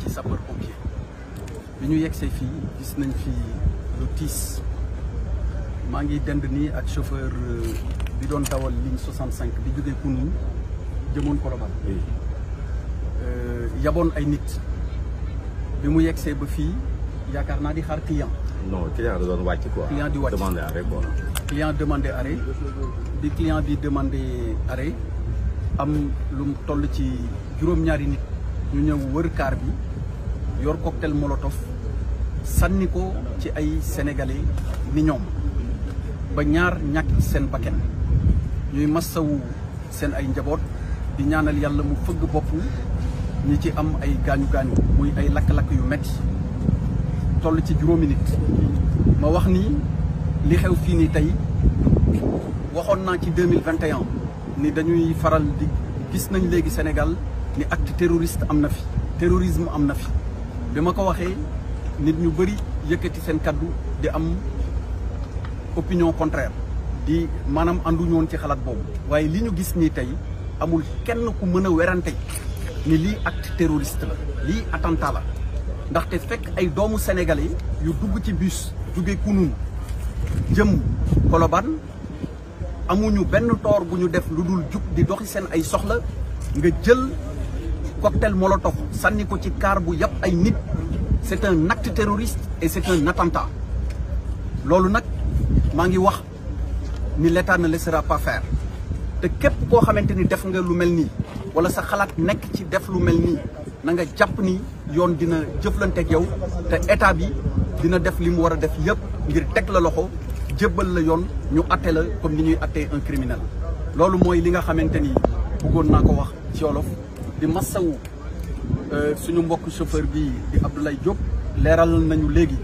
ci sapeur pompier bi ñu yegsee fii gis nañ fi lu tiis maa ngi dend nii ak chauffeur euh, bi doon dawal ligne 65 bi jógee Kounoune jëmoon Colobane euh, yaboon ay nit bi mu yegsee ba fii yaakaar naa di xaar client non client da doon wàcc quoi. client di wàcc demandé arrêt bon. client demandé arrêt bi client bi demandé arrêt am lu toll ci juróom-ñaari nit ñu ñëw wër kaar bi yor cocktail molotov sànni ko ci ay sénégalais ni ñoom ba ñaar ñàkk seen bakken ñuy massawu seen ay njaboot di ñaanal yàlla mu fëgg bopp ñi ci am ay gaañu gaañu muy ay lakk-lakk yu metti toll ci juróomi nit ma wax ni li xew fii nii tey waxoon naa ci deux mille vingt ni dañuy faral di gis nañ léegi senegal ni acte terroriste am na fi terrorisme am na fi bi ma ko waxee nit ñu bari yëkkati seen kàddu di am opinion contraire di maanaam ànduñu woon ci xalaat boobu waaye li ñu gis nii tey amul kenn ku mën a werante ni lii acte terroriste la lii attentat la ndaxte fekk ay doomu sénégalais yu dugg ci bus jóge kunun jëm Colobane amuñu benn toor bu ñu def lu dul jug di doxi seen ay soxla nga jël cocktail molotov sànni ko ci kaar bu yàpp ay nit c'est un acte et c'est un loolu nag maa ngi wax ni l'État ne laissera pas faire te képp koo xamante ni def nga lu mel nii wala sa xalaat nekk ci def lu mel nii na nga jàpp ni yoon dina jëflanteeg yow te état bi dina def li mu war a def yépp ngir teg la loxo jébbal la yoon ñu atte la comme ni ñuy attee un criminel loolu mooy li nga xamante ni bëggoon naa ko wax ci wolof di massawu euh, suñu mbokk chauffeur bi di Abdoulaye jóg leeral nañu léegi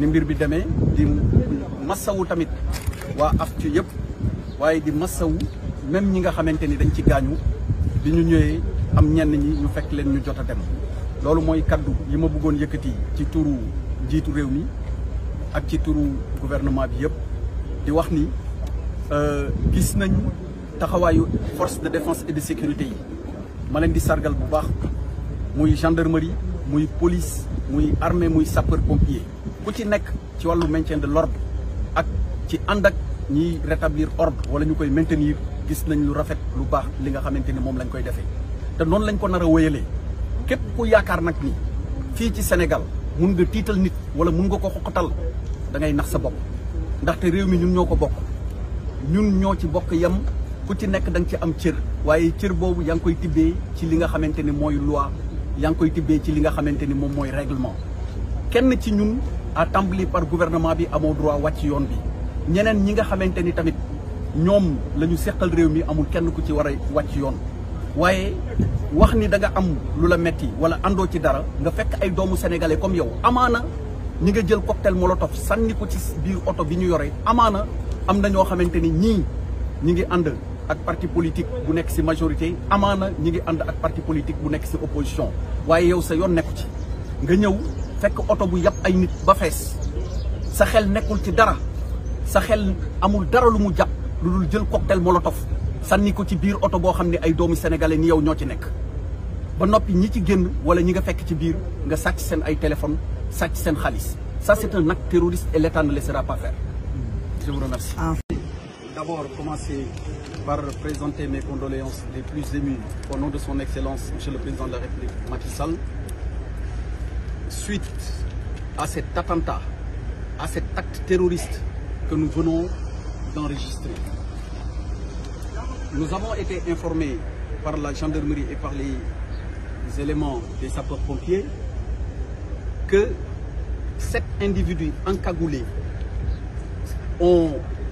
ni mbir bi demee di massawu tamit waa AFTU yëpp waaye di massawu même ñi nga xamante ni dañ ci gaañu bi ñu ñëwee am ñenn ñi ñu fekk leen ñu jot a dem loolu mooy kàddu yi ma bëggoon yëkkati ci turu njiitu réew mi ak ci turu gouvernement bi yëpp di wax ni euh, gis nañ taxawaayu force de défense et de sécurité yi ma leen di sargal bu baax muy gendarmerie muy police muy armée muy sapeur pompier ku ci nekk ci wàllu maintien de l'ordre ak ci ànd ak ñiy rétablir ordre wala ñu koy maintenir gis nañ lu rafet lu baax li nga xamante ni moom lañ koy defee te noonu lañ ko nar a wéyalee képp ku yaakaar nag ni fii ci Sénégal mun nga tiital nit wala mun nga ko xoqatal da ngay nax sa bopp ndaxte réew mi ñun ñoo ko bokk ñun ñoo ci bokk yem ku ci nekk da nga ci am cër waaye cër boobu yaa ngi koy tibbee ci li nga xamante ni mooy loi yaa ngi koy tibbee ci li nga xamante ni moom mooy règlement kenn ci ñun à tàmbali par gouvernement bi amoo droit wàcc yoon bi ñeneen ñi nga xamante ni tamit ñoom la ñu seqal réew mi amul kenn ku ci war a wàcc yoon waaye wax ni danga am lu la metti wala àndoo ci dara nga fekk ay doomu sénégalais comme yow amaana ñi nga jël cocktail molotov sànni ko ci biir oto bi ñu yore amaana am na ñoo xamante ni ñii ñi ngi ànd ak parti politique bu nekk si majorité amaana ñi ngi ànd ak parti politique bu nekk si opposition waaye yow sa yoon nekku ci nga ñëw fekk oto bu yàpp ay nit ba fees sa xel nekkul ci dara sa xel amul dara lu mu jàpp lu dul jël cocktail molotov sànni ko ci biir oto boo xam ne ay doomu sénégalais ni yow ñoo ci nekk ba noppi ñi ci génn wala ñi nga fekk ci biir nga sàcc seen ay téléphone sàcc seen xaalis sa c'est un acte terroriste et l'État ne laissera pas faire d'abord commencer par présenter mes condoléances les plus émues au nom de son Excellence, Monsieur le Président de la République, Macky Sall. Suite à cet attentat, à cet acte terroriste que nous venons d'enregistrer. Nous avons été informés par la gendarmerie et par les éléments des sapeurs-pompiers que sept individus encagoulés ont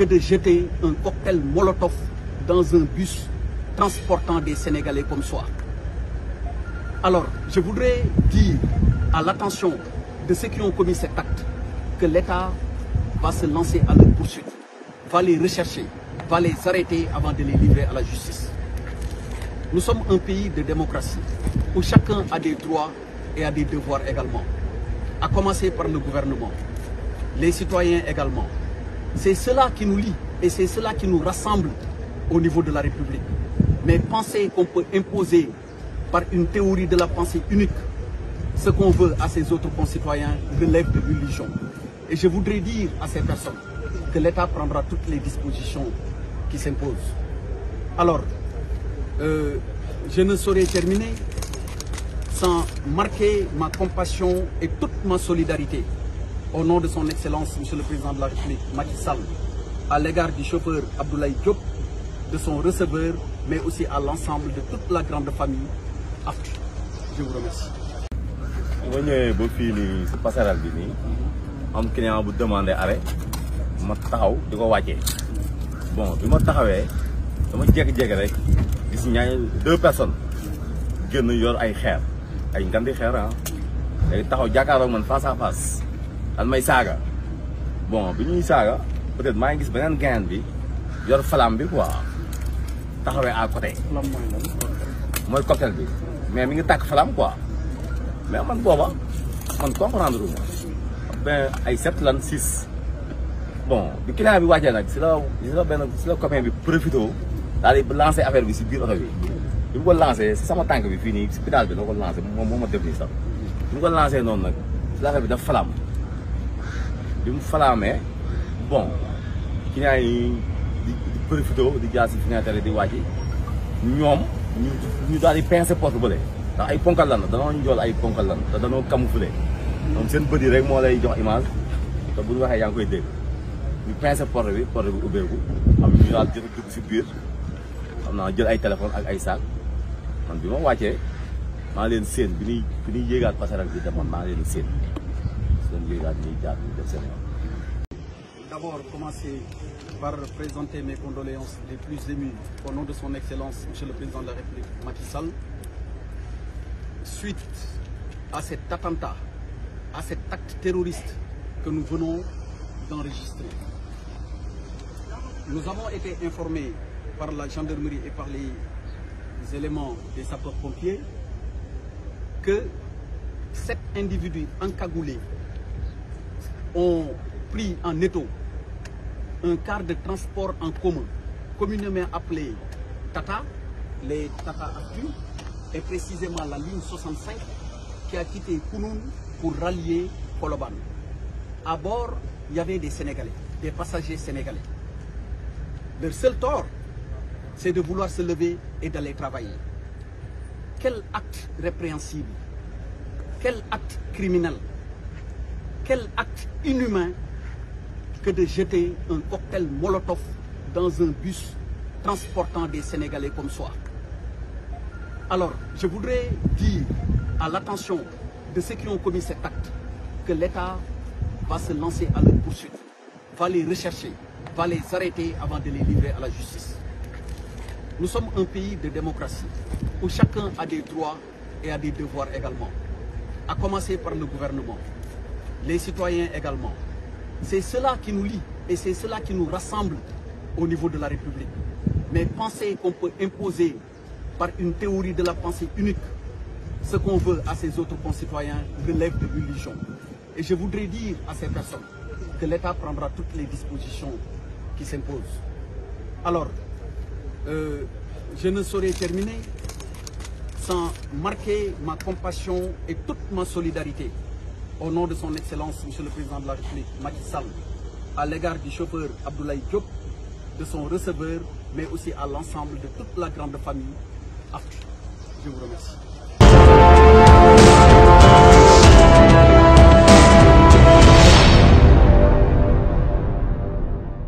que de jeter un cocktail Molotov dans un bus transportant des Sénégalais comme soi. Alors, je voudrais dire à l'attention de ceux qui ont commis cet acte que l'État va se lancer à leur poursuite, va les rechercher, va les arrêter avant de les livrer à la justice. Nous sommes un pays de démocratie où chacun a des droits et a des devoirs également, à commencer par le gouvernement, les citoyens également. C'est cela qui nous lie et c'est cela qui nous rassemble au niveau de la République. Mais penser qu'on peut imposer par une théorie de la pensée unique ce qu'on veut à ses autres concitoyens de religion. Et je voudrais dire à ces personnes que l'État prendra toutes les dispositions qui s'imposent. Alors, euh, je ne saurais terminer sans marquer ma compassion et toute ma solidarité au nom de son excellence monsieur le président de la ma Macky Sall à l'égard du chauffeur Abdoulaye Diop de son receveur mais aussi à l'ensemble de toute la grande famille AFTU je vous remercie nga ñëwee ba fii nii si passerelle bi nii am client bu demandé arrêt ma taxaw di ko wàccee bon bi ma taxawee dama jékki-jékki rek gis ñaari deux personnes génn yor ay xeer ay ngandi xeer ah léegi taxaw jàkkaaroo man face à face dan may saaga bon bi ñuy saaga peut-être maa ngi gis beneen gain bi yor flamme bi quoi taxawee à côté. mooy cocktail bi mais mi ngi tàkk flamme quoi mais man booba man comprendre uma ben ay sept lan six bon bi client bi wàccee nag si la la benn si la copain bi profité daal di lancé affaire bi si biir oto bi bi mu ko lancé si sama tànk bi fii nii si pédale bi la ko lancé moom moo ma def nii sax bi mu ko lancé noonu nag si la affaire bi daf flamme bi mu falaamee bon client yi di profité di jaar si fenêtre di wàcc ñoom ñu ñu daal di pincé porte bële ndax ay ponkal lan danoo njool ay ponkal lan te danoo camouflé moom seen bët rek moo lay jox image te bu ñu waxee yaa ngi koy dégg ñu pincé porte bi porte bi ubbeeku am ñu daal jot dugg si biir xam naa jël ay téléphone ak ay saak man bi ma wàccee maa leen seen bi nuy bi ñuy yéegaat passerelle bi demoon maa leen séen seen liggéey daal di jaar di def seen D'abord, commencer par présenter mes condoléances les plus émues au nom de son Excellence, Monsieur le Président de la République, Macky Sall. Suite à cet attentat, à cet acte terroriste que nous venons d'enregistrer, nous avons été informés par la gendarmerie et par les éléments des sapeurs-pompiers que cet individu encagoulé ont pris en étau car de transport en commun, communément appelé Tata, les la ligne 65 qui a quitté Kounoun des Sénégalais, des passagers sénégalais. Leur de vouloir se lever et d'aller travailler. Quel quel acte inhumain que de jeter un cocktail Molotov dans un bus transportant des Sénégalais comme soi. Alors, je voudrais dire à l'attention de ceux qui ont commis cet acte que l'État va se lancer à leur poursuite, va les rechercher, va les arrêter avant de les livrer à la justice. Nous sommes un pays de démocratie où chacun a des droits et a des devoirs également, à commencer par le gouvernement. les citoyens également. C'est cela qui nous lie et c'est cela qui nous rassemble au niveau de la République. Mais penser qu'on peut imposer par une théorie de la pensée unique ce qu'on veut à ses autres concitoyens de religion. Et je voudrais dire à ces personnes que l'État prendra toutes les dispositions qui s'imposent. Alors, euh, je ne saurais terminer sans marquer ma compassion et toute ma solidarité au nom de son excellence monsieur le président de la République Macky Sall à l'égard du chauffeur Abdoulaye Diop de son receveur mais aussi à l'ensemble de toute la grande famille AFTU je vous remercie